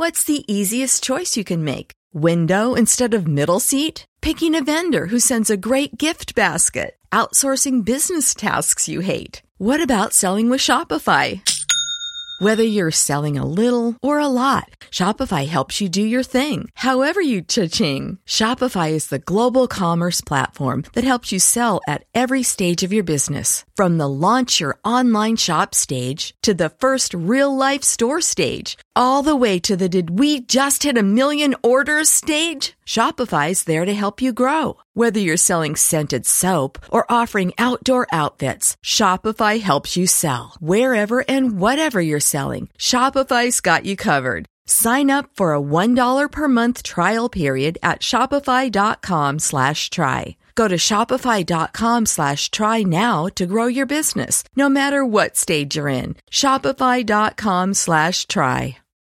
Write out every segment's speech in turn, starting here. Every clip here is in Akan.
What's the easiest choice you can make? Window instead of middle seat? Picking a vendor who sends a great gift basket? Outsourcing business tasks you hate? What about selling with Shopify? Whether you're selling a little or a lot, Shopify helps you do your thing, however you cha-ching. Shopify is the global commerce platform that helps you sell at every stage of your business. From the launch your online shop stage to the first real life store stage all the way to the did we just hit a million orders stage? Shopify's there to help you grow. Whether you're selling scented soap or offering outdoor outfits, Shopify helps you sell. Wherever and whatever you're selling, Shopify's got you covered. Sign up for a $1 per month trial period at shopify.com slash try. Go to shopify.com slash try now to grow your business, no matter what stage you're in. Shopify.com slash try.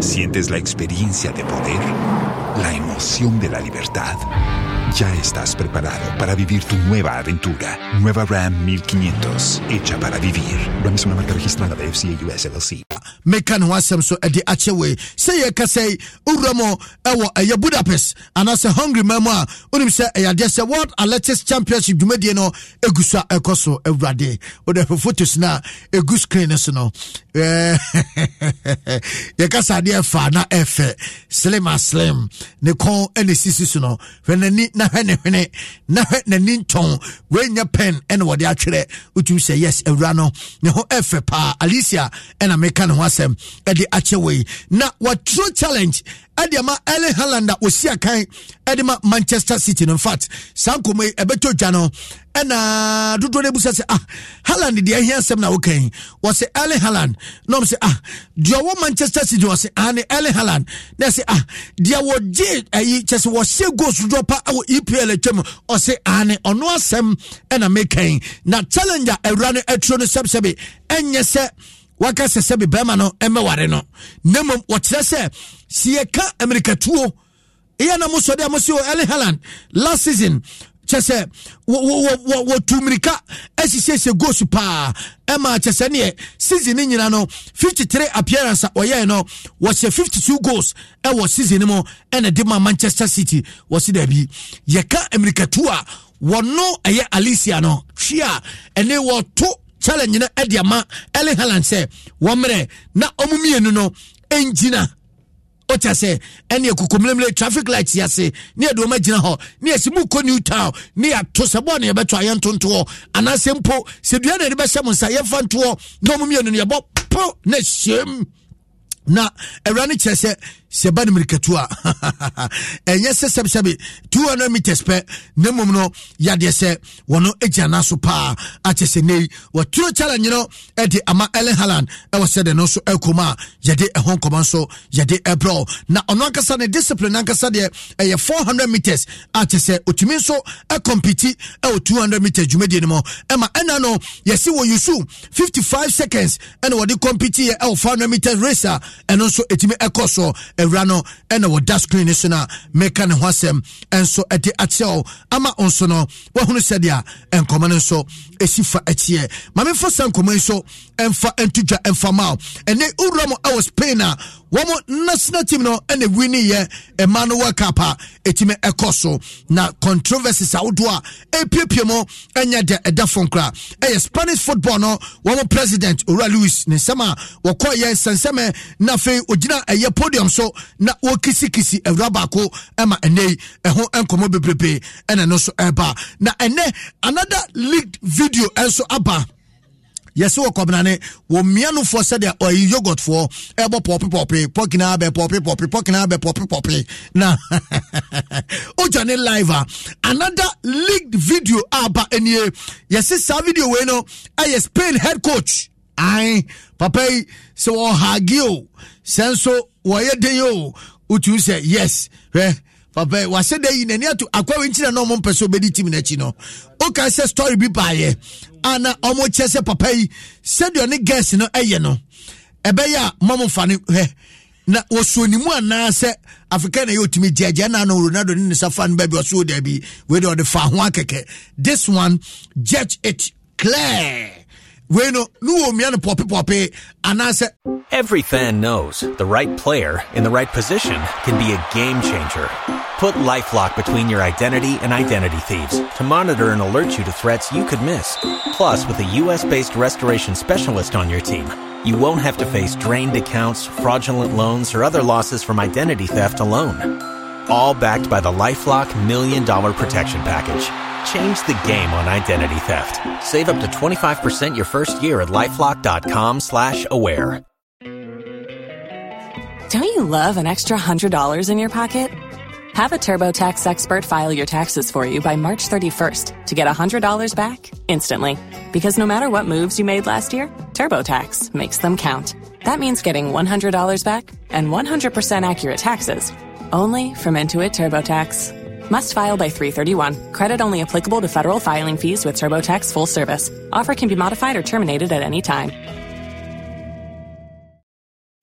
Sientes la experiencia de poder, la emoción de la libertad. Ya estás preparado para vivir tu nueva aventura. Nueva Ram 1500, hecha para vivir. Ram es una marca registrada de FCA US LLC. Meka no de so ɛde akyɛ wei sɛ yɛka sɛ wowura mu ɛwɔ ɛyɛ budapest anaasɛ hungry ma mu a wonim sɛ ɛyɛ adeɛ sɛ world athletics championship dwumadie no ɛgu so a ɛkɔ so awurade wode hwɛ photos no a ɛgu screen no so no yɛka sɛ adeɛ ɛfa na ɛfɛ slim a slim ne kɔn ɛne sisi so no hwɛ na na hwɛ ne na hwɛ n'ani ntɔn wɔanya pen ɛna wɔde atwerɛ wotumi sɛ yes awura no ne ho ɛfɛ paa alicia ɛna meka ne ho asɛm ɛde akyɛ wɔ yi na waturo challenge ɛde ama Erling Haaland a osi akan ɛde ma Manchester City no in fact saa nkɔmɔ yi ɛbɛtɔ dwa no ɛna dodoɔ no busa sɛ ah haland deɛ ɛhia asɛm na wokan wɔse ellen haland na ɔm sɛ ah deɛ ɔwɔ manchester city wɔse ane ah, ellen haland na ɛsɛ ah deɛ wɔgye ayi kyɛ sɛ wɔhyɛ goals dodoɔ pa wɔ epl atwam ɔse ane ah, ɔno asɛm ɛna mekan na challenge a awura no aturo no sɛbsɛbe ɛnyɛ sɛ waka sɛ sɛbe bɛrima no ɛmɛware no na mmom wɔkyerɛ sɛ sɛ yɛka amerikatuo ɛyɛ na mosɔde a mosɛ ellen haland last season kyɛ sɛ wɔtu mmirika asisiesie goals paa ɛma kyɛ sɛ neɛ season no nyina no fifty three appearance a ɔyɛe no wɔhyɛ two goals ɛwɔ season no mu ɛna de ma manchester city wɔse daabi yɛka mmirikatu a wɔno ɛyɛ alicia no hwe a ɛne wɔto challenge no ɛde ama ɛle halan sɛ wɔmmerɛ na ɔmo mmienu no ɛngyina wotia sɛ ɛne akukomelemle traffic light yɛse ne aduɔma gyina hɔ ne yɛsi mu kɔ new town ni yɛato sɛ bɔɔ ne yɛbɛto ayɛ ntontoɔ anaasɛ mpo sɛ dua na ɛde bɛhyɛ mo nsa yɛmfa ntoɔ na ɔmommienu no yɛbɔ po na hyɛm na awura no kyerɛ sɛ sɛ ba no mirikatu a ɛnyɛ sɛ sɛbsɛbe 200 meters pɛ na mmom no yadeɛ sɛ wɔno agya na so paa akyɛ sɛ nei wɔturo challenge no de ama ellen haland ɛwɔ sɛde no nso akom a yɛde ɛho nkɔma nso yɛde ɛbrɛ na ɔno ankasa ne discipline ankasa deɛ ɛyɛ 400 meters akyɛ sɛ ɔtumi nso ɛkɔmpiti ɛwɔ 200 meters dwumadie no mu ɛma ɛna no yɛsi wɔ yusu 55 seconds ɛna wɔde kɔmpitiɛ ɛwɔ 400 meters race a ɛno nso ɛtumi ɛkɔ so awura no ɛna wɔda screen so no meka ne ho asɛm ɛnso ɛde akyɛw ama nso no wahunu sɛdeɛ nkɔmɔ no nso ɛsi fa akyiɛ mamemfa sa nkɔmmɔ yi so ɛmfa ntodwa ɛmfa ma o ɛne wowura mu ɛwɔ spain a wɔn national team no ɛna wi ne yɛ ɛma no world cup a ɛtumi ɛkɔ so na controversies ahodoɔ a ɛpiepie mu ɛnyɛ dɛ ɛda fam kora ɛyɛ spanish football no wɔn president owura louis ne nsɛm a wɔkɔ yɛ nsɛnsɛmɛ na afei ogyina ɛyɛ podium so na wɔkisikisi ɛwura baako ɛma ɛnɛ yi ɛho nkɔmɔ bebrebe ɛna no so ɛreba na ɛnɛ another leaked video video nso aba yɛsɛ wɔ kɔbenane wɔ mmea sɛdeɛ ɔyi yogotfoɔ ɛbɔ pɔpepɔpe pɔkinaa bɛ pɔpepɔpe pɔkinaa bɛ pɔpepɔpe na ogya ne live a another leaked video aba anie yɛse saa video wei no ɛyɛ spain head coach ae papa yi sɛ wɔhage o sɛ nso wɔyɛ den o wotumi sɛ yes hwɛ papa wahyɛ da yi n'ani ato akɔwe nkyina na ɔmo mpɛ so obedi tim n'akyi no oka sɛ story bi baayɛ a na ɔmo kyerɛ sɛ papa yi sɛdeɛ ɔne gɛs no ɛyɛ no ɛbɛyɛ a mɔmo fa ne hɛ na wɔsuo ne mu anaa sɛ afrika na yɛ otumi gyeagye na no ronaldo ne ne safa no baabi ɔso dabi wei de ɔde fa ho akɛkɛ this one judge it clear Every fan knows the right player in the right position can be a game changer. Put LifeLock between your identity and identity thieves to monitor and alert you to threats you could miss. Plus, with a U.S.-based restoration specialist on your team, you won't have to face drained accounts, fraudulent loans, or other losses from identity theft alone. All backed by the LifeLock Million Dollar Protection Package. Change the game on identity theft. Save up to 25% your first year at lifelock.com slash aware. Don't you love an extra $100 in your pocket? Have a TurboTax expert file your taxes for you by March 31st to get $100 back instantly. Because no matter what moves you made last year, TurboTax makes them count. That means getting $100 back and 100% accurate taxes only from Intuit TurboTax. Must file by 331. Credit only applicable to federal filing fees with TurboTax full service. Offer can be modified or terminated at any time.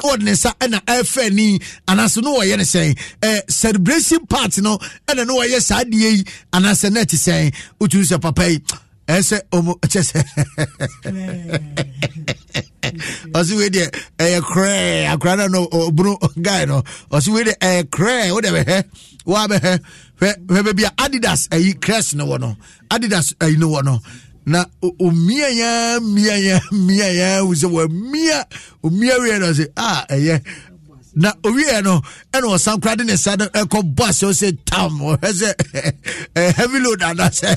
board ne nsa ɛna ɛfɛ ni anaasɛ no wɔyɛ ne sɛn ɛɛ celebration part no ɛna no wɔyɛ saa deɛ yi anaasɛ net sɛn wotumi sɛ papa yi ɛsɛ ɔmo kyɛ sɛ ɔsi wei deɛ ɛyɛ korɛ akora na no ɔbunu guy no ɔsi wei deɛ ɛyɛ korɛ wo deɛ bɛhɛ wo abɛhɛ hwɛ hwɛ baabi a adidas ɛyi crest no wɔ no adidas ɛyi no wɔ no. na omia ya mia ya mia ya wo sɛ wamia omia wei na sɛ ah, ɛyɛ na owieɛ no ɛna ɔsan kora de ne eh, sa no ɛkɔ bɔ asɛ sɛ tam ɔhɛ sɛ heavy load anaasɛ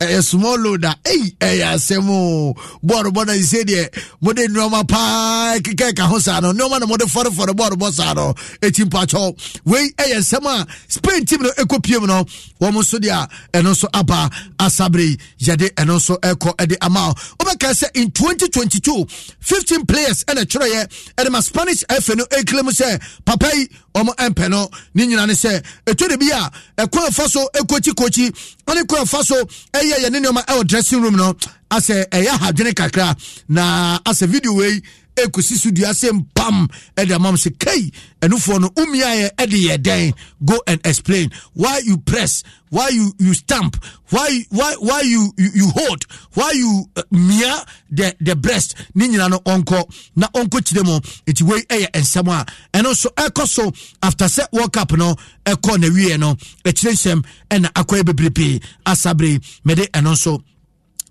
ɛyɛ small load a ei ɛyɛ asɛm o bɔɔdobɔ no sɛ deɛ mode nnoɔma paa keka ɛka ho saa no nnoɔma na mode fɔrefɔre bɔɔdobɔ saa no ɛti mpakyɛw wei ɛyɛ nsɛm a spain team no ɛkɔ piem no wɔm nso deɛ a ɛno nso aba asabere yɛde ɛno nso ɛkɔ ɛde eh, ama wobɛka sɛ in 2022 15 players ɛna eh, kyerɛyɛ ɛde ma spanish ɛfɛ ɛklem sɛ papa yi ɔmo ɛmpɛ no ne nyina ne sɛ ɛtu de bi a ɛkɔ ɛfa so ɛkɔkyi kɔkyi ɔne kɔ ɛfa so ɛyɛ yɛne nneɔma ɛwɔ dressing room no asɛ ɛyɛ ahadwene kakra na asɛ video wei ɛkɔsi so dua se mpam ɛde amam sɛ kei ɛnofoɔ no womiaeɛ ɛde yɛ dɛn go and explain why you press why you, you stamp why, why, why you, you, you hold why you uh, mia the, the breast ne nyina no ɔnkɔ na ɔnkɔ kyerɛ mu nti wei ɛyɛ nsɛm a ɛno nso ɛkɔ so after sɛ world cup no ɛkɔ na no akyirɛ e nsɛm ɛna akɔyɛ bebrepee asabere mede ɛno nso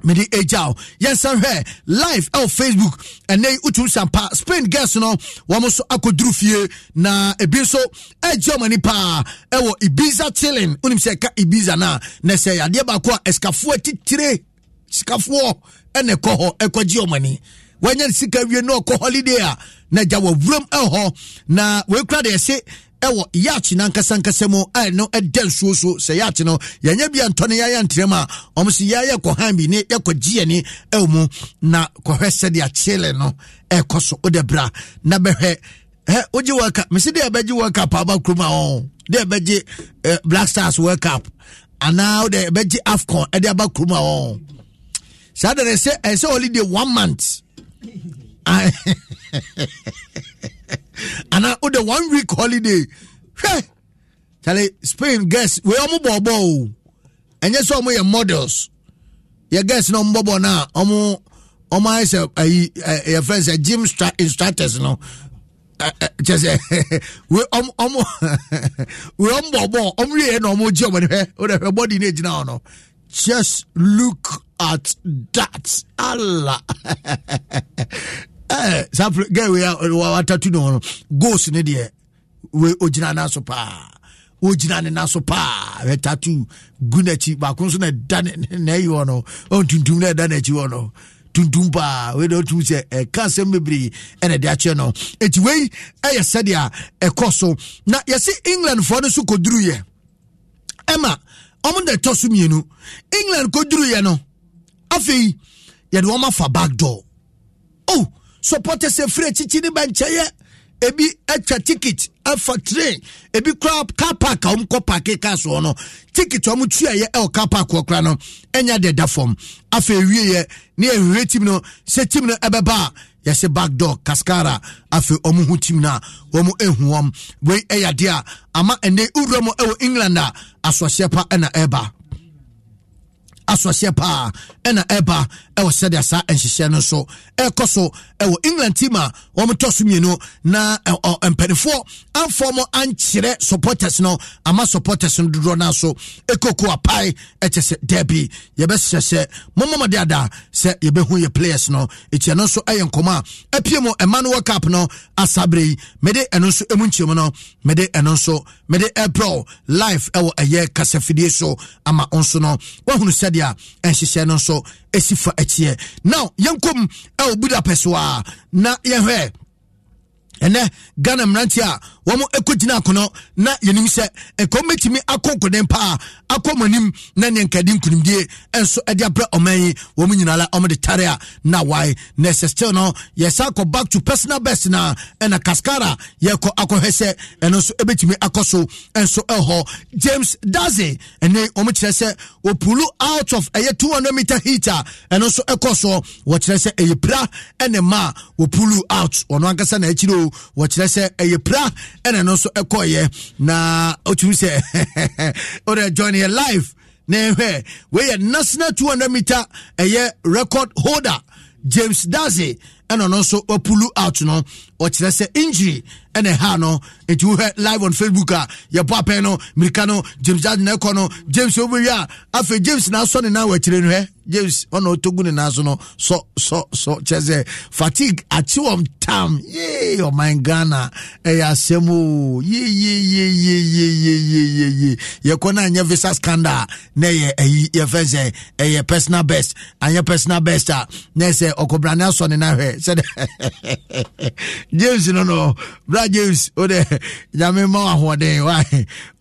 mede agyaw yɛnsɛ hwɛ live ɛwɔ facebook ɛnɛ wotumi sampa spain gas no wɔm so akɔduru fie na ebi nso agye ewo paa ɛwɔ ibiza chilling unimseka sɛ ɛka ibiza na sɛ adeɛ baako a ɛsikafoɔ titire sikafoɔ ɛna ɛkɔ hɔ ɛkɔgye ɔma ni wanya sika wie na ɔkɔ holiday a na gya wɔ wuram ɛwɔ hɔ na deɛ ɛse ɛwɔ yaakye no ankasankasa mu a ɛno ɛda nsuo so sɛ yaakye no yɛnyɛ bi antɔ no yɛayɛ ntrɛm a ɔm so yɛayɛ kɔhan bi ne yɛkɔgyeɛ ne ɛwɔ mu na kɔhwɛ sɛdeɛ akyele no ɛɛkɔ so wode bra na bɛhwɛ ɛ wogye world cup mese deɛ ɛbɛgye world cup aba kurom a ɔ deɛ ɛbɛgye black stars world cup anaa wode ɛbɛgye afcon ɛde aba kurom a ɔ saa dɛnɛ sɛ ɛsɛ holiday one month And I de one week holiday hwɛ kyale spain guest we are bɔ ɔbɔ o ɛnyɛ sɛ ɔmo yɛ models Your guest na ɔmo now. bɔ na ɔmo ɔmo your friends ayi yɛ fɛn gym instructors no kyɛ sɛ wei ɔmo ɔmo wei ɔmo bɔ ɔbɔ ɔmo yɛ yɛ na ɔmo gye ɔmo ni hɛ body age now. no just look at that allah Eh, saa girl wei a eh, watatu ne ho no goals ne deɛ wei na n'aso paa ogyina ne n'aso paa wɛ tatu gu n'akyi baako nso na ɛda n'ayi hɔ no ɔn tuntum na ɛda n'akyi hɔ no tuntum paa wei na otum sɛ ɛka asɛm bebree ɛna ɛde akyerɛ no eti wei ɛyɛ sɛdeɛ ɛkɔ so na yɛsi englandfoɔ no nso koduru yɛ ɛma wɔn na ɛtɔ so mmienu england koduru yɛ no afei yɛde wɔn afa back door oh supporters efiri ekyikyi ne bɛnkyɛyɛ ebi atwa ticket afa train ebi kura car park a wɔn kɔ paaki e car soɔ no ticket a wɔn tua yɛ ɛwɔ car park wɔ kura no ɛnya e de da fam afei ewie yɛ ne ehwie team no sɛ team no ɛbɛba a yɛsɛ back door kaskara afei wɔn ho team no a wɔn ehu wɔn wei ɛyɛ e adeɛ a ama ɛnɛ ewura mu ɛwɔ england a asɔhyɛ pa ɛna ɛɛba asɔhyɛ pa ɛna ɛɛba ɛwɔ sɛdeɛ saa nhyehyɛ no nso ɛrekɔ so ɛwɔ england team a wɔn so mmienu na mpanimfoɔ amfoɔ mo ankyerɛ supporters no ama supporters no dodoɔ no nso ɛkoko apae ɛkyɛ sɛ daabi yɛbɛhyɛ sɛ mommɔmɔde ada sɛ yɛbɛhu yɛ players no ɛkyɛ no nso ɛyɛ nkɔmɔ a apie mu ɛma no cup no asaberɛ yi mede ɛno nso ɛmu nkyɛmu no mede ɛno nso mede ɛbrɛw live ɛwɔ ɛyɛ kasafidie so ama nso no woahunu sɛdeɛ a nhyehyɛ no nso ɛsi fa teɛ now yɛnkom ɛwɔ budapest wa na yɛhwɛ ɛnɛ ghana mmeranteɛ a wɔn ɛkɔgyina akɔnɔ na yɛnim sɛ ɛkɔm bɛtumi akɔ nkɔden paa akɔ mo anim na ne nkadi nkunimdie ɛnso ɛde abrɛ ɔman yi wɔn nyinaa la wɔn de tare a na wae na ɛsɛ still no yɛsa akɔ back to personal best na ɛna kaskara yɛkɔ akɔhwɛ sɛ ɛno nso ɛbɛtumi akɔ so ɛnso ɛhɔ james daze ɛne wɔn kyerɛ sɛ opulu out of ɛyɛ two hundred meter heater ɛno nso ɛkɔ so wɔkyerɛ sɛ ɛyɛ pra ɛne ma opulu out wɔn ankasa na akyire o wɔkyerɛ sɛ ɛna ɛno nso ɛkɔɔyɛ na ɔtumi sɛ ɔdɛ join yɛ live na ɛhwɛ wɔyɛ national 200 meter ɛyɛ record holder james Daze. And ɔno nso wapulu out no ɔkyerɛ sɛ injury ɛna ɛha no nti wohwɛ live on facebook a yɛbɔ apɛn no mirika no james jade na ɛkɔ no james obewi a afei james na asɔ ne nan wɔ akyire no hɛ james ɔna ɔtɔgu ne nan so no sɔ sɔ sɔ kyerɛ sɛ fatigue akyi wɔm tam yee ɔman ghana ɛyɛ e asɛm o yee yee yee yee yee yee yee yee yɛkɔ na nyɛ visa scandal na ɛyɛ ɛyi e yɛfɛ sɛ ɛyɛ e personal best anyɛ personal best a na ɛsɛ ɔkɔbrane asɔ ne nan hwɛ sɛdeɛ james no no bra james o de nyame ma ahoɔden wa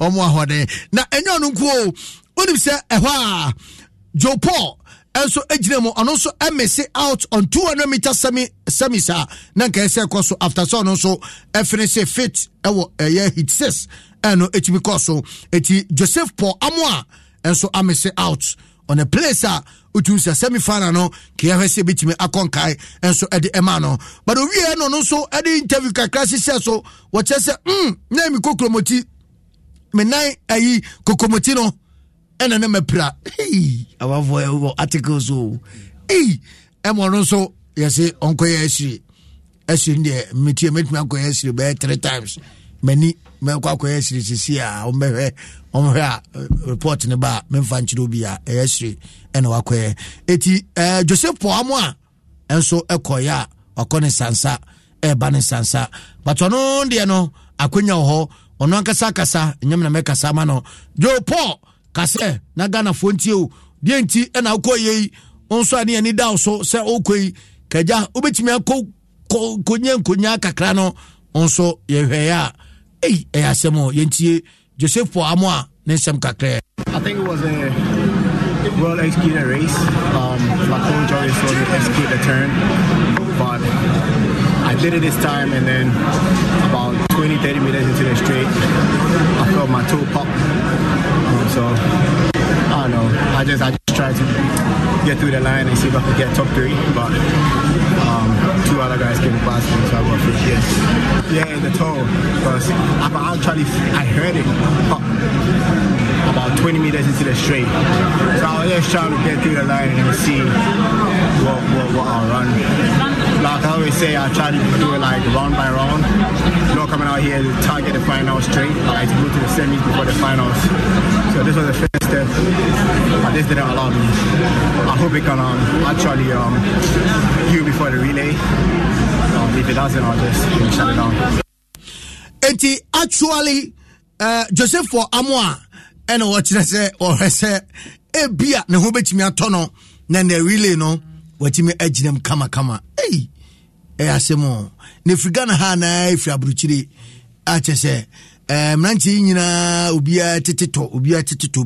ɔmo ahoɔden na ɛnyɛ ɔno nko o onim sɛ ɛhɔ a joe paul nso gyina mu ɔno nso mese out on two hundred meter semi semi sa. na nkae sɛ ɛkɔ so after sɛ ɔno nso ɛfini sɛ fit ɛwɔ ɛyɛ hit six ɛno ɛtumi kɔ so eti joseph paul amoa nso amese out ɔne place a otum sɛ semi final no kea hwɛ sɛ bɛtumi akɔ nkae nso ɛde ɛma no but owie no no nso ɛde interview kakra hyehyɛ so wɔkyerɛ sɛ mm na mi kokromoti me nan ayi kokromoti no ɛna ne mapira awafoɔ ɛwɔ article so ei ɛma no nso yɛse ɔnkɔyɛ ahyire ahyire deɛ metie mɛtumi akɔyɛ ahyire bɛyɛ three times m'ani mɛkɔ akɔyɛ siri sisi a ɔmbɛhwɛ ɔmhwɛ a report ne ba a memfa nkyerɛ obi a ɛyɛ e siri e ɛna wakɔyɛ eti eh, jose poa mu a ɛnso ɛkɔyɛ e a wakɔ ne sansa ɛɛba ne sansa but ɔno deɛ no akonnwa wɔ hɔ ɔno ankasa kasa nyam na mɛkasa ma no jo paul kasɛ na ghanafoɔ ntie o deɛ nti ɛna wokɔyɛ yi nso a ne yɛni da wo so sɛ wokɔ yi kagya wobɛtumi akɔ konya nkonya kakra no nso yɛhwɛeɛ a Hey, hey, asemo yentie Joseph for amwa ne nsɛm I think it was a well executed race. Um, my coach always told me to execute the turn, but I did it this time, and then about 20, 30 meters into the straight, I felt my toe pop. Um, so I don't know. I just I try to get through the line and see if I could get top three. But um, two other guys came past me, so I got three. Yes. Yeah, in the toe. Because I actually I heard it pop about 20 meters into the straight. So I was just trying to get through the line and see what, what, what I'll run. Like I always say, I try to do it like round by round. Not coming out here to target the final straight. I like to go to the semis before the finals. So this was the first este a desde alam a hobikanam a chaliam you before the relay um, if it doesn't I'll just we'll shut it down enti actually uh, Joseph for Amoa ɛna wɔkyerɛ sɛ ɔhwɛ sɛ ebia ne ho bɛtumi atɔ no na ne relay no wɔtumi agyinam e kamakama ei ɛyɛ e asɛm ne firi ghana ha anaa ɛfiri aburukyire akyɛ sɛ Eh, mmeranteɛ yi nyinaa obiara tete tɔ obiara tete tɔ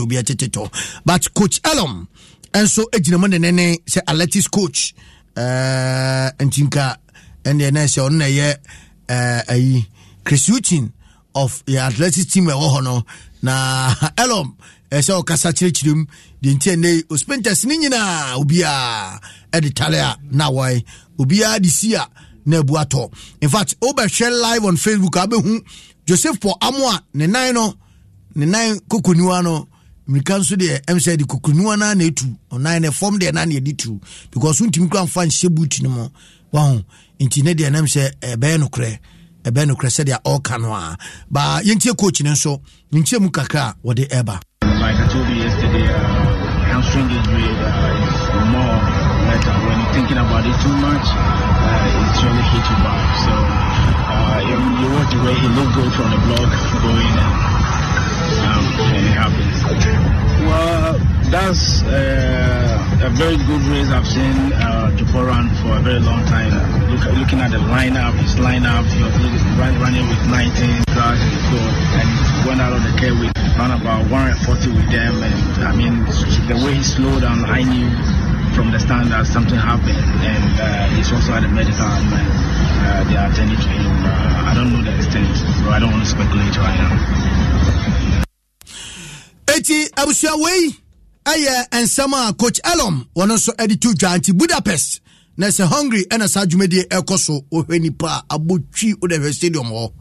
obiara tete but coach elom nso gyina mu nenene sɛ athletics coach eh, ntinka ɛnneɛ na ɛsɛ ɔno na ɛyɛ eh, ayi chris of the athletics team ɛwɔ hɔ no na elom ɛsɛ ɔkasa kyerɛkyerɛ mu deɛ nti ɛnɛ ospenters ne nyinaa obiara ɛde tale a na wɔe obiara de si a na ɛbu atɔ in fact wobɛhwɛ live on facebook abɛhu joseph paul amo a ne nan no ne nan kokoniwa no mmirika nso deɛ ɛm sɛ de kokoniwa no na ɛtu ɔnan no fam deɛ na ne ɛde tu because wontumi kora mfa nhyɛ boot no mu waho nti ne deɛ nam sɛ ɛbɛyɛ nokorɛ ɛbɛyɛ nokorɛ sɛdeɛ ɔreka no a baa yɛntie coach ne nso nkyɛ mu kakra a wɔde ɛba uh, uh, thinking about it too much, uh, it's really hit you back. So you walk away, he good from the block Um, and it happens. Well, that's uh, a very good race I've seen uh, run for a very long time. Look, looking at the lineup, his lineup, you was running with 19 guys in and went out on the care with around about 140 with them. And I mean, the way he slowed down, I knew from the stand that something happened, and uh, he's also at the medical, and uh, they are attending to him. Uh, I don't know the extent, so I don't want to speculate right now. Eti Abusuawei, ɛyɛ away a coach sama coach nso de to dwa budapest na sɛ hungary ɛna saa dwumadie ɛkɔ so wohwɛ nipa a abɔtwi wode hwɛ stadium hɔ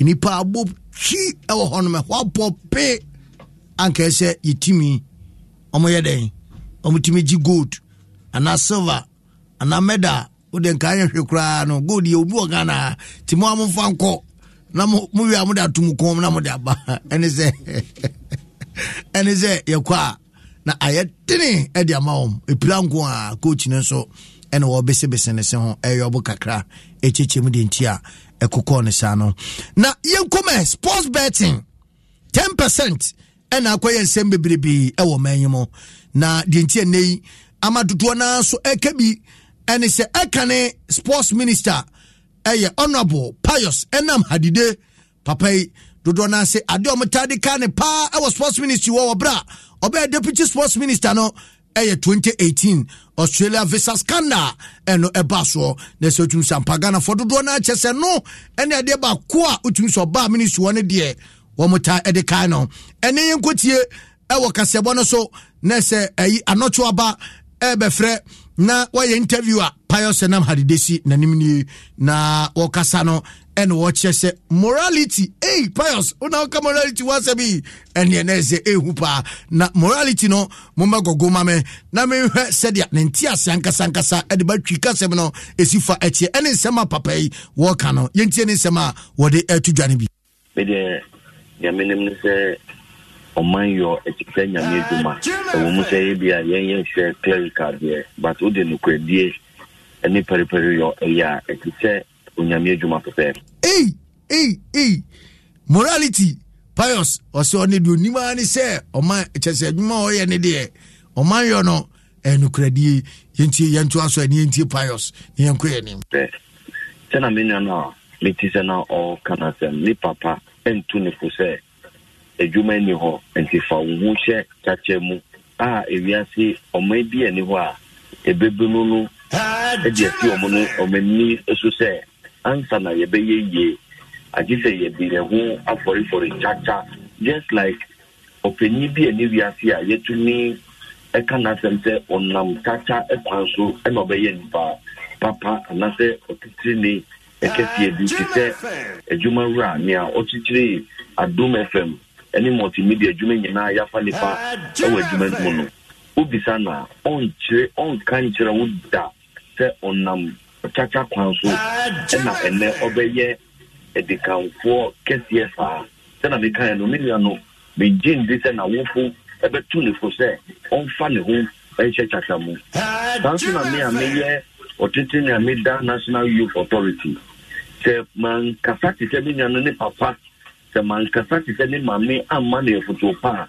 nipa abɔtwi ɛwɔ hɔ nom pe ankaɛ sɛ yɛtumi ɔmoyɛ dɛn ɔmotumi gye gold anaa silver anaa meda wode nka anyɛ hwe koraa no gold yɛ obi wɔ ghana nti mo a momfa nkɔ na mowie a mode ato mu na mode aba ɛne sɛ ɛne sɛ na ayɛ tene ama wɔm ɛpira nko a coach no nso ɛna wɔbesebese ne se ho ɛyɛ ɔbo kakra ɛkyekyɛm de nti a ne no na yɛnkɔmɛ sports betting 10 percent ɛna nsɛm bebrebee ɛwɔ ma mu na deɛ nti ɛnɛ ama dodoɔ naa nso ɛka bi ɛne sɛ ɛka ne sports minister ɛyɛ honourable pius ɛnam hadide papa yi dodoɔ naa sɛ adeɛ ɔmo taa de ka ne paa ɛwɔ sports ministry wɔ wɔbrɛ a ɔbɛyɛ deputy sports minister no ɛyɛ 2018 australia visa scandal ɛno ɛba soɔ na sɛ otum sɛ ampa ghanafoɔ dodoɔ no akyɛ sɛ no ɛne adeɛ baako a otum sɛ ɔbaa ministry wɔ no deɛ wɔn ta ɛde kan no ɛne yɛnkɔtie ɛwɔ kaseɛbɔ no so na ɛyi anɔtwe aba ɛbɛfrɛ na wɔyɛ interview a pius nam hadedesi n'anim nie na wɔkasa no ɛna wɔkyerɛ sɛ morality ei pius wona woka morality woasɛ bi ɛneɛ na ɛsɛ ɛhu paa na morality no momma gɔgo ma me na menhwɛ sɛdeɛ ne nte ase ankasankasa ɛde batwi kasɛm no ɛsi fa ɛkyiɛ ɛne nsɛm a papa yi wɔka no yɛntie ne nsɛm a wɔde atu dwane bi medeɛ deɛ menim ɔman yɔ ɛte sɛ nyame adwuma ɛwɔ mu sɛ yɛ bia yɛnyɛ hwɛ clerical deɛ but wode nokwadie ne pɛrepɛre yɔ ɛyɛ a ɛte sɛ onyame adwuma pɛpɛ ei ei ei morality pius ɔsɛ ɔne deɛ onim ne sɛ ɔma kyɛ sɛ adwuma a ɔyɛ ne deɛ ɔman yɔ no ɛnokoradie yɛntie yɛntoa so ɛne yɛntie pius ne yɛnkɔ yɛ sɛna me no a mete sɛ na ɔka no asɛm ne papa ɛntu ne fo sɛ adwuma ni hɔ nti fa wo ho hyɛ kyakyɛ mu a ewiase ɔman bi ani hɔ a ebebunu no ɛde asi ɔmo no ɔmo ani so sɛ ansa na yɛbɛyɛ yie agye sɛ yɛde yɛn ho afɔrifɔri kyakya just like ɔpanyin bi ani wiase a yɛtumi ɛka n'asɛm sɛ ɔnam kyakya ɛkwan so ɛna ɔbɛyɛ nipa papa anaasɛ ɔtitiri ne ɛkɛseɛ bi te sɛ adwuma wura nea ɔkyikyiri adum fm ɛne multimedia adwuma nyinaa yɛafa nipa ɛwɔ ah, adwuma mu no wobisa no a ɔnkyerɛ ɔnka nkyerɛ wo da sɛ ɔnam kyakya kwan so ɛna ah, ɛnɛ ɔbɛyɛ adikanfoɔ kɛseɛ saa sɛna mekaɛ no me nua no megye ndi sɛ nawofo ɛbɛtu ne fo sɛ ɔmfa ne ho ɛnhyɛ kyakya mu ah, saa nso na me a meyɛ ɔtete ne a meda national youth authority sɛ mankasa te sɛ me nua no ne papa sɛ mankasa te sɛ ne maame amma no yɛfoto pa a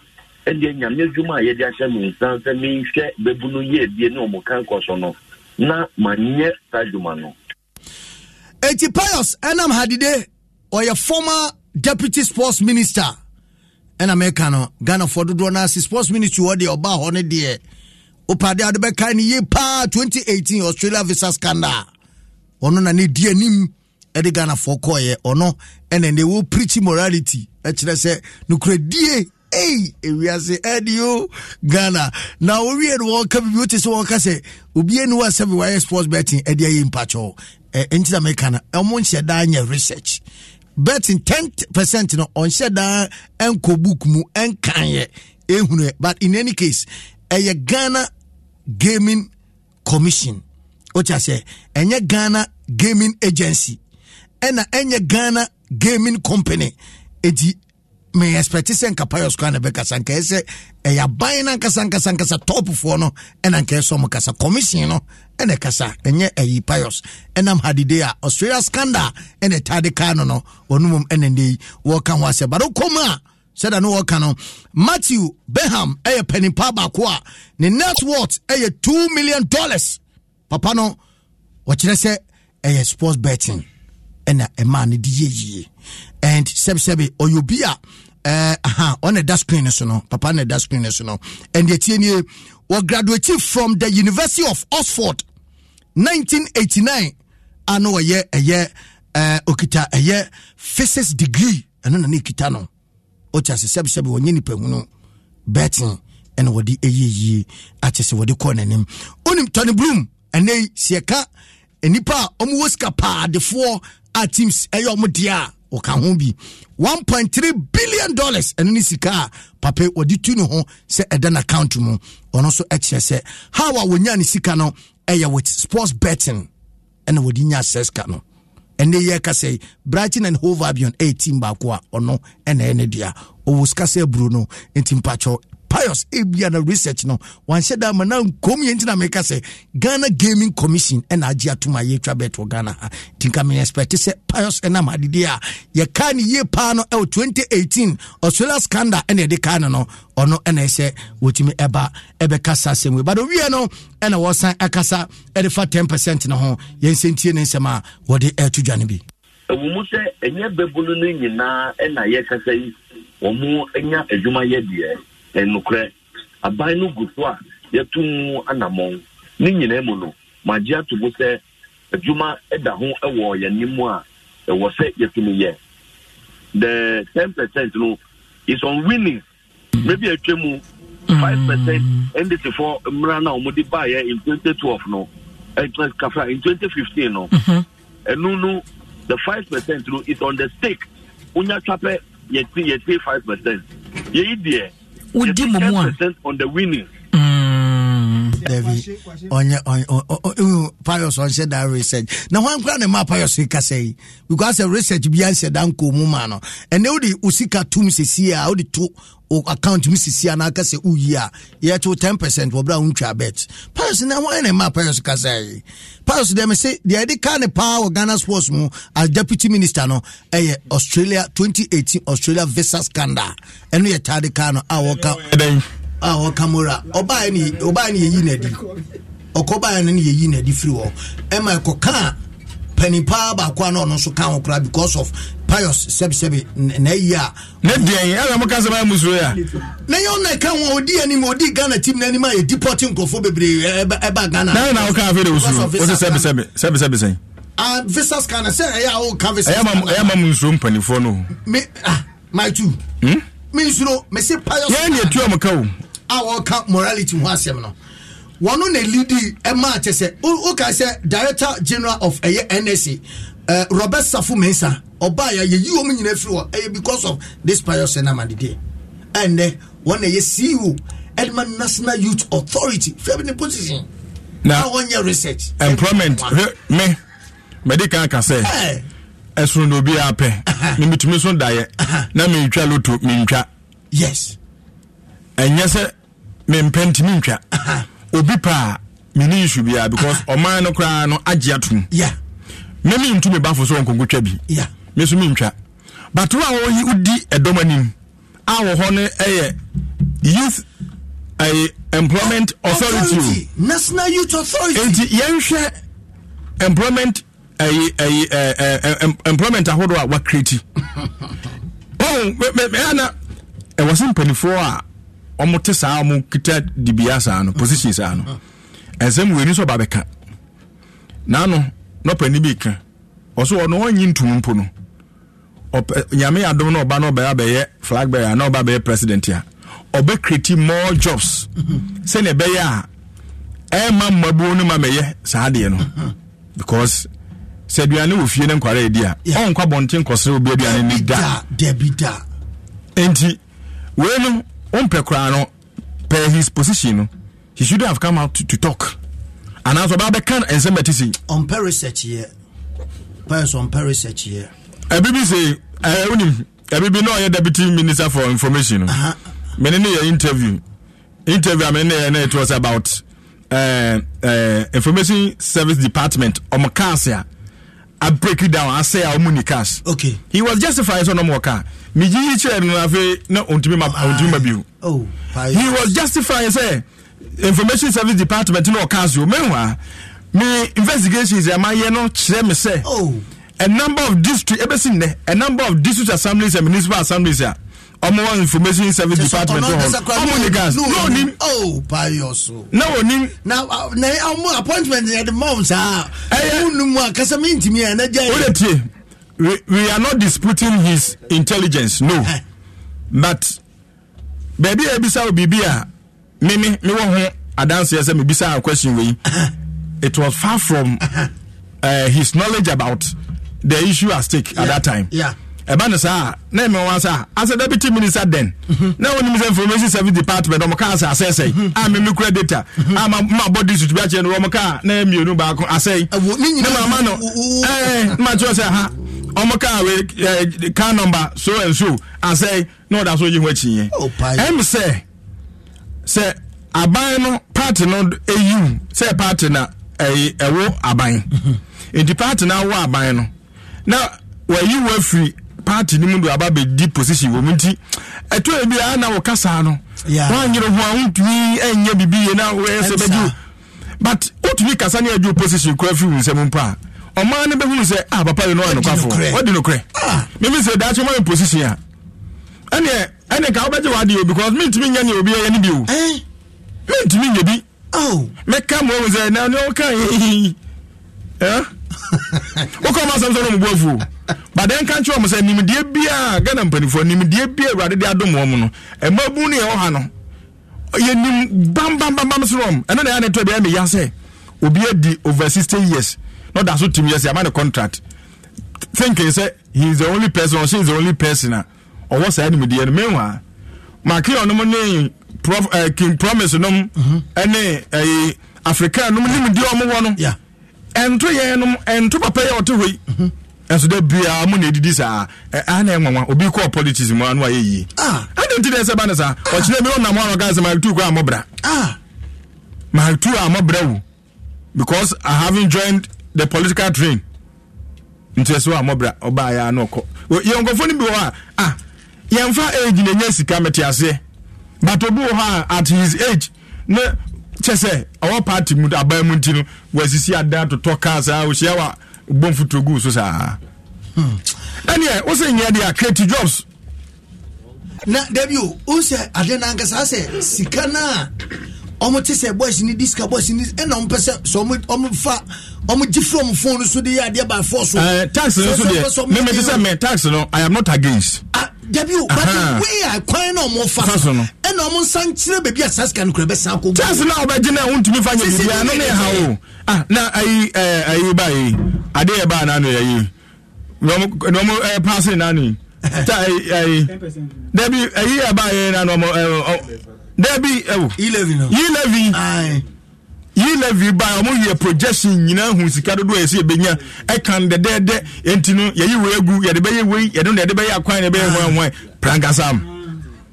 ɛdeɛ nyame adwuma a yɛde ahyɛ me nsa sɛ menhwɛ bɛbu no yɛ bie ne ɔmo ka nkɔ so no na manyɛ saa adwuma no eti pius ɛnam hadide ɔyɛ former deputy sports minister ɛna mɛka no ghanafoɔ dodoɔ no ase sports ministry wɔ deɛ ɔbaa hɔ no deɛ wopade ade bɛkae no ye paa 2018 australia visa scandal ɔno na ne di anim ɛde ghanafoɔ kɔɔyɛ ɔno ɛna ne wo preach morality ɛkyerɛ sɛ nokoradie ei ewiase ɛde o ghana na owie no wɔka bibi wote sɛ wɔka sɛ obie no wasɛ bi wayɛ sports betting ɛde ayɛ mpakyɛw ɛ ntina meka no ɔmo nhyɛ daa nyɛ research betting ten percent no ɔnhyɛ daa ɛnkɔ book mu ɛnkan yɛ ehunu but in any case ɛyɛ ghana gaming commission o ti a sɛ ɛnyɛ ghana gaming agency ɛna ɛnyɛ ghana gaming company eti me expect sɛ nka pius kora na bɛkasa nka ɛsɛ ɛyɛ aban no ankasa ankasa ankasa topfoɔ no ɛna nka ɛsɛ ɔmo kasa commission no ɛna ɛkasa ɛnyɛ ɛyi pius ɛnam hadide a australia scandal ɛna ɛtade kaa no no ɔno mom ɛna ɛnɛ yi wɔka ho asɛ bade kɔm a sɛda no wɔka no matthew beham ɛyɛ panipa baako a ne net worth ɛyɛ two million dollars papa no wɔkyerɛ sɛ ɛyɛ sports betting ɛna ɛmaa no de yɛ and sɛbsɛbe ɔyɛ obi a ɛɛ aha ɔna ɛda screen so no papa na ɛda screen so no and deɛ tie nie wɔgraduate from the university of oxford 1989 a na wɔyɛ ɛyɛ ɛɛ okita ɛyɛ physics degree ɛno na ne kita no ɔte ase sɛbsɛbe wɔnyɛ nipa hunu bɛtin ɛna wɔde ɛyɛ yie akyɛ sɛ wɔde kɔɔ n'anim onim tony bloom ɛnɛ yi siɛka nnipa a ɔmowɔ sika paadefoɔ a ah, teams ɛyɛ ɔmo deɛ a ɔka ho bi 1.3 billion dollars ɛno ne sika a papa wɔde tu ne ho sɛ ɛda n'account mu ɔno nso kyerɛ sɛ how a wɔnya ne sika no ɛyɛ with sports betting ɛna wɔde nya sɛ sika no ɛnɛ yɛ ka sɛ brighton and hove albion ɛyɛ eh, team baako a ɔno ɛna ɛne dea ɔwɔ sika sɛ aburo no nti mpakyɛw pious ebia na research no wanhyɛ da ama na nkom yɛ nti na meka sɛ ghana gaming commission ɛna agye atom a yɛtwa bɛt wɔ ghana ha nti nka meɛspɛte sɛ pious ɛnam adedeɛ a yɛkaa ne yie paa no ɛwɔ 2018 australia scanda ɛna yɛde kaa no no ɔno ɛna ɛsɛ wɔtumi ɛba ɛbɛka sa asɛm wei bade wie no ɛna wɔsan akasa ɛde fa 10 percent no ho yɛnsɛntie ne nsɛm a wɔde ɛto dwa no bi ɛwɔ mu sɛ ɛnyɛ bɛbolo no nyinaa ɛna yɛkasa yi wɔn anya adwuma deɛ ɛnokorɛ aban no gu so a yɛto mu anammɔn ne nyinaa mu no magye ato mu sɛ adwuma da ho wɔ yɛn anim a ɛwɔ sɛ yɛtumi yɛ the ten percent no is on winning maybe atwa mu five percent mm. ndc fo mmara na wɔn de baayɛ in twenty twelve no ɛtwa eh, kafra in twenty fifteen no mm-hmm. ɛnu no the five percent no is on the stake onyatsapɛ yɛte yɛte five percent yɛyi deɛ. wodi mo mu a on the winning dabi ɔnyɛ ɔnyɛ payos ɔnhyɛ da research na wɔn akora ne ma payos yi kasa yi because research bi anhyɛ da nko mu ma no ɛnna o de o sika tum sisi a o de to o account mi sisi a n'aka sɛ o yi a yɛ to ten percent wɔ bere a o ntwa bet payos na wɔn ne ma payos kasa yi payos dɛm se deɛ yɛde kaa ne pa wɔ ghana sports mu as deputy minister no ɛyɛ australia twenty eighteen australia visa scandal ɛno yɛ taa de no a wɔka. a ɔkamora ɔbaa ne ɔbaa ne yɛyi n'adi ɔkɔbaa ne ne yɛyi n'adi firi hɔ ɛma paa baako na ɔno nso ka because of pious sɛbisɛbi n'ayi a. ne deɛ yɛ ɛna mo na yɛ na ka wɔn odi anim odi ghana team n'anim a yɛ dipɔti bebree ɛba ghana. na na ɔka afei de o sɛ sɛbisɛbi sɛbisɛbi sɛn. visa scanner sɛ a visa scanner. ɛyɛ ma mu nsuo no. mi ah, a wɔreka morality ho asɛm no wɔno na lidi ɛma kyɛ sɛ woka sɛ director general of ɛyɛ nsa robert safo mensa ɔbaayɛ yɛyi wɔn nyinaa firi hɔ ɛyɛ because of this pious ɛnam adedeɛ ɛnɛ wɔn na ceo ɛdima national youth authority fɛbi ne position na wɔnyɛ research employment me mɛde kan ka sɛ ɛsoro na obi apɛ memetumi so daeɛ na mentwa loto mentwa yes ɛnyɛ sɛ mempɛ ntimi ntwa obi paa mene isu biaa because ɔman no koraa no agye atom meme ntu bafo sɛ ɔnkonkotwa bi me mentwa but wo a wɔyi wodi ɛdɔm anim a wɔ hɔ no ɛyɛ youth ɛyɛ employment authority o national youth authority nti yɛnhwɛ employment ɛyɛ ɛyɛ ɛɛ employment ahodoɔ a wakireti ɛna ɛwɔ sɛ mpanimfoɔ a ɔmo te saa ɔmo kita dibea saa no position saa no ɛnsɛm wɛni nso ɔba bɛka n'ano n'ɔpɛni bi ka ɔso ɔno ɔnyi ntum mpo no ɔpɛ nyame adum na ɔba na ɔbɛyɛ abɛyɛ flag bearer na ɔba abɛyɛ president a ɔbɛ create more jobs sɛnɛ ɛbɛyɛ a ɛɛma e mmabuo no ma mɛyɛ saa adeɛ no because sɛ aduane wɔ fie ne nkware edi a ɔnkɔ abɔnten kɔsrɛ obi aduane ne da nti wei no ɔmpɛ koraa no per his position no he shouldn't have come out to, to talk anaasɛ ɔbaa bɛka nsɛm bɛte sei ɔmpɛ research yɛ pɛs ɔmpɛ research yɛ ɛbi bi sɛ ɛɛ wonim ɛbi bi na ɔyɛ deputy minister for information no mene ne yɛ interview interview a mene ne yɛ na it was about uh, uh, information service department ɔmo cars a I break it down. I say I money cash. Okay. He was justified so no more car. Me yi chere no afi na ontumi ma ontumi ma biu. Oh. He was justified say information service department no cash you meanwhile me investigations am aye no chere me say. Oh. A number of district ebesi ne a number of district assemblies and municipal assemblies here ọmọ wa information service department hɔ ɔmọ ni gas n'o oh, uh, ni. na o ni. na na ɔmọ appointment yɛ di mɔm saa. ɛyɛ mu numu a kasa mi ntumi yɛ ne jɛ o de tie we we are not disputing his intelligence no but beebi a ebisa o bibi a mimi mi wɔ ho adansi yɛ sɛ mi bisa a question wei it was far from uh, his knowledge about the issue at stake yeah. at that time. Yeah. ɛba no saa na ɛmɛ wɔn saa asɛ deputy minister den na wɔn nim sɛ information service department wɔn kaa asɛ asɛsɛ mhm. a ah, mɛmi kura data mhm. a ah, ma ma bɔ district bi akyɛ no wɔn kaa na mmienu baako asɛ ne ma ma no ɛɛ ne ma kyerɛ sɛ ha wɔn kaa we ɛɛ eh, car number so and so asɛ na ɔda so yi ho akyi yɛ oh, ɛm sɛ sɛ aban no party no eyiw sɛ party na ɛyi ɛwɔ aban mhm. nti party na awɔ aban no na wɔyi wɔ party no mu de aba bɛdi position wɔ mu nti ɛtɔ ebi a na wɔka no wɔanyere ho a ɛnyɛ biribi yɛ na wɔyɛ sɛ bɛgye but wotumi kasa ne adwo position kora firi wo nsɛm a ɔmaa no bɛhunu sɛ ah papa yɛ no ɔyɛ nokwafo wɔde nokorɛ mefi ah. sɛ daakye ɔma yɛ position a ɛneɛ ɛne ka wobɛgye wade o because mentumi nyɛ neɛ obi ɛyɛ no bio eh? mentumi nyɛ bi oh. mɛka mmɔ wo sɛ na ne wɔka eh? wokɔ ma asɛm sɛ no mubu afuo but then ka kyerɛ ɔm sɛ nimdeɛ bia a ghana mpanimfoɔ nimdeɛ bia awurade de adom wɔ mu no ɛmabu no yɛwɔ ha no yɛnim bambambambam soro ɔm ɛno na ɛa ne tɔ bia meya sɛ obi adi over 60 years na ɔda so tim yɛ sɛ ama ne contract thinking sɛ he is the only person or she is the only person a ɔwɔ saa nimdeɛ no mehu a makea ɔnom ne prof uh, king promise nom mhm. ɛne ɛyi eh, africa nom nimdeɛ ɔmowɔ no ɛnto yɛn nom ɛnto papa yɛ ɔte hɔ yi mhm ɛnso dɛ biara mu na edidi saa ɛha na ɛnwanwa obi kɔ politics mu anu ayɛ yie ɛdi nti dɛ ɛsɛ ba ne saa ɔkyerɛ mi ɔnam ɔnɔ gaa sɛ maalitu kɔ amɔbra maalitu amɔbra wo because i havent joined the political train nti ɛsɛ amɔbra ɔbaa yɛ anu ɔkɔ yɛn nkɔfo ni bi wɔ hɔ a yɛn fa age na enye sika mɛte aseɛ but obi wɔ hɔ a at his age ne kyɛ sɛ ɔwɔ party mu aban mu nti no wɔasisi ada totɔ kaa saa ohyia wa bom foto gu so saa hmm. ɛneɛ wo sɛ nyɛ deɛ creative jobs na dabi o wo sɛ ade no ankasa sika no ɔmo te sɛ boys ni disca boys ni ɛna ɔmo pɛ sɛ sɛ ɔmo ɔmo fa ɔmo gye from phone so de yɛ adeɛ by force. ɛɛ eh, tax no so deɛ mɛmɛ ti sɛ mɛ tax no i am not against. ah dabi o but wey a kwan na ɔmo fa so no ɛna ɔmo nsan kyerɛ beebi a sasika no kura bɛ san ko. tax na ɔbɛ gyina ɛho ntumi fa nyɛ bibi ano ne ha o ah na ayi ɛɛ eh, ayi ba yi adeɛ yɛ ba anaano yɛ yi n'ɔmo n'ɔmo ɛɛ eh, paase naano yi ta ayi ayi dabi ayi yɛ ba yɛ na n'ɔmo ɛɛ oh, oh dẹbi ẹwò yilevi yilevi ba ọmọ yẹ projection nyinaa hun sika dodo ẹsẹ ebenya ẹkan e dẹdẹẹdẹ eti no yẹyi wei egu yẹde bẹyẹ wei yẹde yẹde bẹyẹ akwan yẹde bẹyẹ hwan hwan prangasam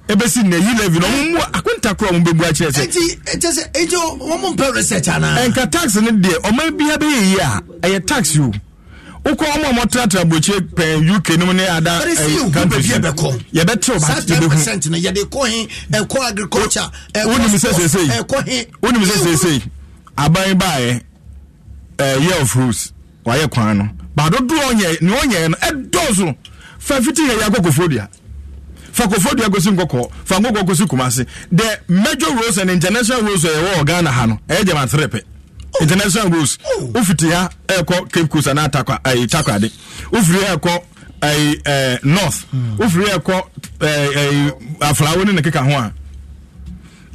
ebesi na yilevi na ọmọ mu akuntakura ọmọ bẹbu akyerẹ sẹ. eti eti sẹ eti wọn mu n pẹ research ana. nka tax ni deɛ ɔmọ ebi abɛyɛ yie a ɛyɛ tax yio wokɔ ɔmo a mɔtenatena aburokyi pɛn uk no mu ne ada yɛbɛtew bawonim sɛ seesei wonim sɛ eh, seesei aban baeɛ eh, year of rules wayɛ kwan no baadodoɔ ɔnyɛ ne ɔnyɛɛ no ɛdɔɔso eh, fa fiti yɛ yɛ akɔkɔfoɔ dua fa kɔfoɔ dua kɔsi nkɔkɔɔ fa nkɔkɔɔ kɔsi kumase the major rose and international rose rules ɛyɛwɔ ghana ha no ɛyɛ gyamaterɛpɛ international rules wofiti ha ɛkɔ cape coast anaa takwa ayi takwade wofiri ha ɛkɔ ayi ɛɛ north wofiri ha ɛkɔ ɛɛ ɛɛ aflawo ne ne keka ho a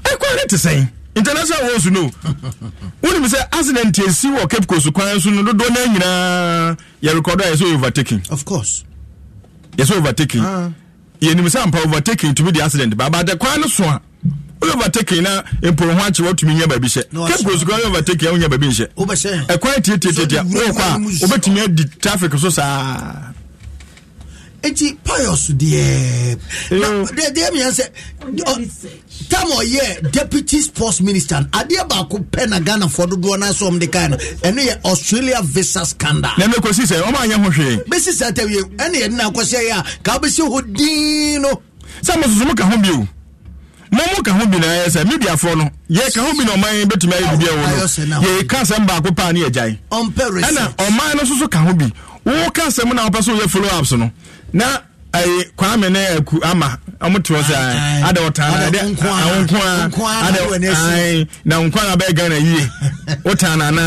ɛkɔ ne te sɛn international rules no wonim sɛ accident esi wɔ cape coast kwan so no dodoɔ naa nyinaa yɛ rekɔdɔ a yɛ overtaking of course yɛ sɛ overtaking ah. yɛnim sɛ ampa overtaking to be the accident baaba de kwan no so a woyɛ overtaking na mpo ho akye woatumi nya baabi hyɛ cape cross kora woyɛ overtaking a wonya baabi nhyɛ ɛkwan tietietiatia wokɔ a wobɛtumi adi traffic so saa nti pius deɛ deɛ mia sɛ tam ɔyɛ deputy sports minister adeɛ baako pɛ na ghanafoɔ dodoɔ no sɛ ɔmde kae no ɛno yɛ australia visa scandal na mɛkɔsi sɛ ɔma anyɛ ho hwee bɛsi saa tawie ɛne yɛde no akɔsɛ yɛ a ka wobɛsi hɔ din no sɛ mososo mo ho bio mɔmu ka ho bi na ɛyɛ sɛ mediafoɔ no yɛ ka ho bi na ɔman bɛtumi ayɛ biribi ɛwɔ no asɛm baako paa ne ɛna ɔman no ka ho bi woka asɛm na wopɛ sɛ woyɛ follow ups no na ɛyɛ kwame ne aku ama ɔmo te hɔ sɛ ada na ɛde awo nkoa na nkoa na bɛyɛ yie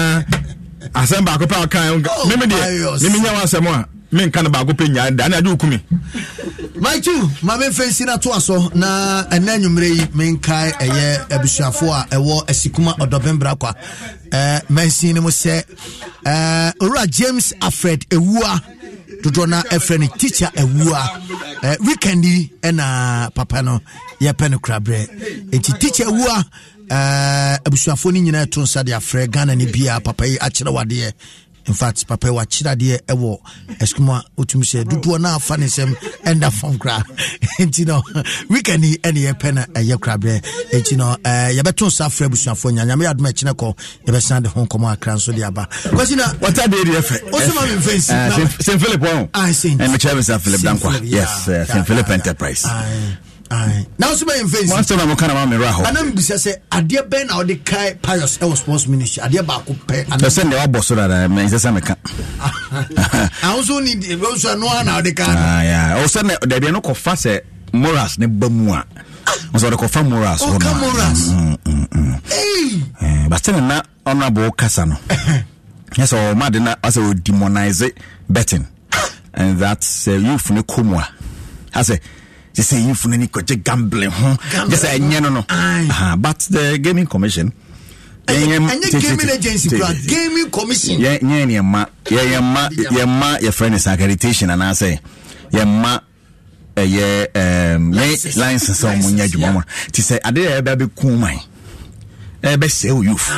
na asɛm baako paa oh deɛ asɛm a menka no baako pɛ nyaa da ne agye wokumi michael ma memfa to aso na ɛnɛ anwummerɛ yi menkae ɛyɛ abusuafoɔ a ɛwɔ esikuma ɔdɔbembra kwa mansin no mu sɛ owura james alfred ɛwua dodoɔ no ɛfrɛ no teacher awua weekend yi ɛna papa no yɛpɛ no koraberɛ enti teacher awua abusuafoɔ no nyinaa ɛto nsa de afrɛ ghana no bia papa yi akyerɛ wadeɛ infact papa wakyeradeɛ ɛwɔ ɛsokoma wotumi sɛ dodoɔ no afa ne nsɛm ɛnda fam koraa nti no weekend yi ɛne eh, yɛpɛ no ɛyɛ eh, koraberɛ nti no yɛbɛto sa frɛ abusuafoɔ nya nyame yɛadoma ɛkyena kɔ yɛbɛsan de ho nkɔmmɔ akra nso de aba kwasi na watadeɛ st eh, philip ɛmekyerɛ ah, me philip dankwa yes st philip enterprise ah, nanso bɛyɛ mfɛnsinanambisa sɛ adeɛ bɛn na wode kae pius ɛwɔ sports ministry adeɛ baako pɛ sɛ deɛ wabɔ so dada ɛsɛ sɛ meka ahoso ne so ɛno a na wode kae ɛwɔ sɛ dadeɛ no kɔfa sɛ moras ne ba mu a ɔsɛ ɔde kɔfa moras hɔka oh, oh, moras mm, mm, mm, eh, bɛsɛ ne na ɔnabɔ kasa no ɛsɛ ɔma oh, de na sɛ ɔdemonize betting and that's sɛ youth ne kɔ mu a sɛ sɛ yifo no ni kɔgye gambling huh? Just say no, no no uh-huh. but the gaming commission gaming Gaming agency, yɛyɛ ma yɛma yɛfrɛ no sɛ accreditation anaasɛ yɛma ɛyɛ license a ɔmo nyɛ adwuma mu nti sɛ adeɛ a ɛbɛ abɛku man ɛbɛsɛe wo youth